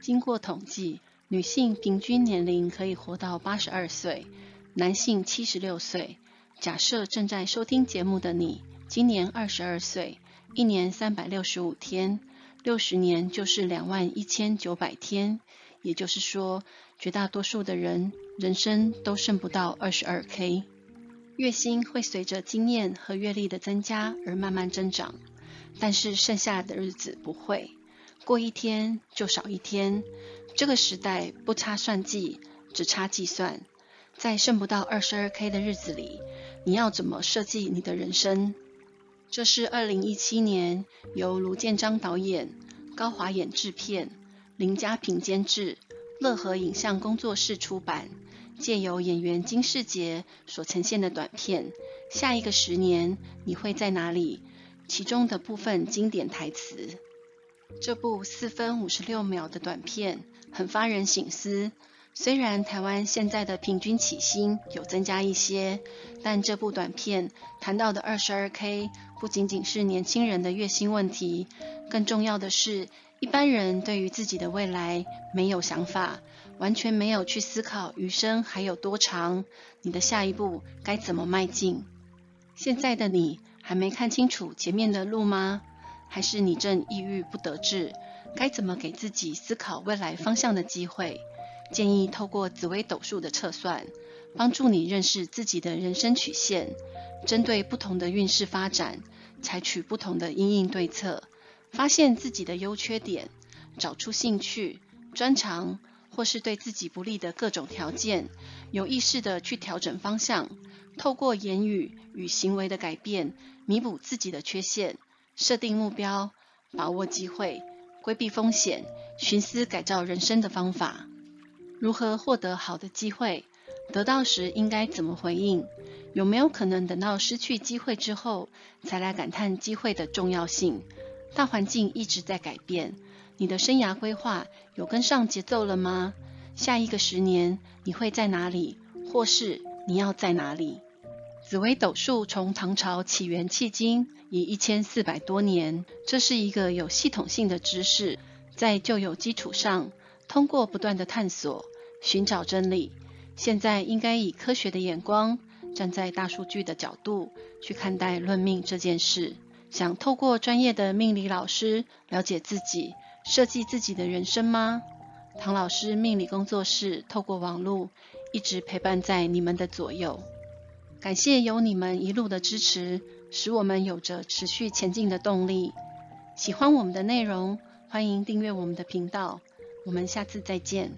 經過統計，女性平均年齡可以活到八十二歲，男性七十六歲。假設正在收聽節目的你，今年二十二歲，一年三百六十五天，六十年就是兩萬一千九百天，也就是說，絕大多數的人人生都剩不到二十二 K。月薪會隨着經驗和閱歷的增加而慢慢增長，但是剩下的日子不會。過一天就少一天，這個時代不差算計，只差計算。在剩不到二十二 K 的日子裡，你要怎麼設計你的人生？這是二零一七年由盧建彰導演、高華演製片、林家平監製、樂和影像工作室出版，借由演員金士傑所呈現的短片《下一個十年你會在哪裡》其中的部分經典台詞。這部四分五十六秒的短片很發人省思。雖然台灣現在的平均起薪有增加一些，但這部短片談到的二十二 K 不僅僅是年輕人的月薪問題，更重要的是，一般人對於自己的未來沒有想法，完全沒有去思考餘生還有多長，你的下一步該怎麼邁進。現在的你還沒看清楚前面的路嗎？還是你正抑鬱不得志，該怎麼給自己思考未來方向的機會？建議透過紫微斗數的測算，幫助你認識自己的人生曲線，針對不同的運勢發展，採取不同的因應對策，發現自己的優缺點，找出興趣、專長或是對自己不利的各種條件，有意識地去調整方向，透過言語與行為的改變，彌補自己的缺陷。設定目標，把握機會，規避風險，尋思改造人生的方法。如何獲得好的機會？得到時應該怎麼回應？有沒有可能等到失去機會之後，才來感嘆機會的重要性？大環境一直在改變，你的生涯規劃有跟上節奏了嗎？下一個十年，你會在哪裡？或是你要在哪裡？紫微斗數從唐朝起源迄今已一千四百多年，這是一個有系統性的知識，在舊有基礎上通過不斷的探索尋找真理。現在應該以科學的眼光，站在大數據的角度去看待論命這件事。想透過專業的命理老師了解自己，設計自己的人生嗎？唐老師命理工作室透過網路一直陪伴在你們的左右。感謝有你們一路的支持，使我們有着持續前進的動力。喜歡我們的內容，歡迎訂閱我們的頻道。我們下次再見。